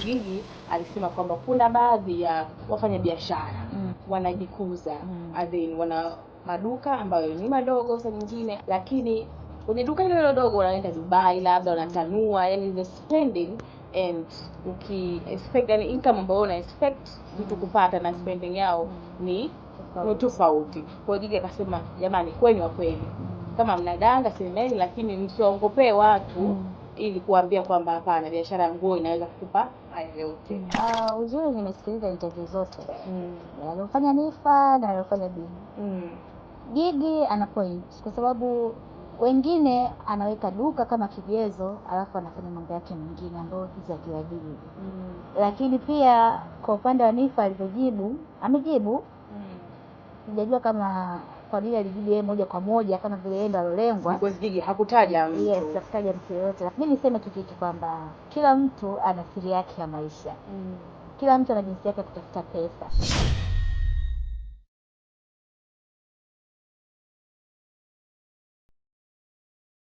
kijiji alisema kwamba kuna baadhi ya wafanyabiashara mm. wanajikuza mm. then wana maduka ambayo ni madogo saa nyingine, lakini kwenye duka hilo dogo wanaenda Dubai, labda unatanua, yani the spending and uki expect yani income ambayo una expect mtu kupata na spending yao mm. ni tofauti. Kwa hiyo akasema, jamani, kweni wa kweli, mm. kama mnadanga semeni, lakini msiwaongopee watu mm ili kuambia kwamba hapana, biashara ya nguo inaweza kukupa haya yote. Ah, uzuri nimesikiliza interview zote mm. nalofanya Nifa na nalofanya Bi mm. Gigi ana point kwa sababu wengine anaweka duka kama kigezo alafu anafanya mambo yake mengine ambayo hizi akiwajibu mm. Lakini pia kwa upande wa Nifa alivyojibu amejibu, mm. sijajua mm. kama kwa ajili alijibu yeye moja kwa moja kama vile yeye ndo alolengwa. Kijiji hakutaja mtu. Yes, hakutaja mtu yoyote. Lakini niseme tu kitu kwamba kila mtu ana siri yake ya maisha. Mm. Kila mtu ana jinsi yake ya kutafuta pesa.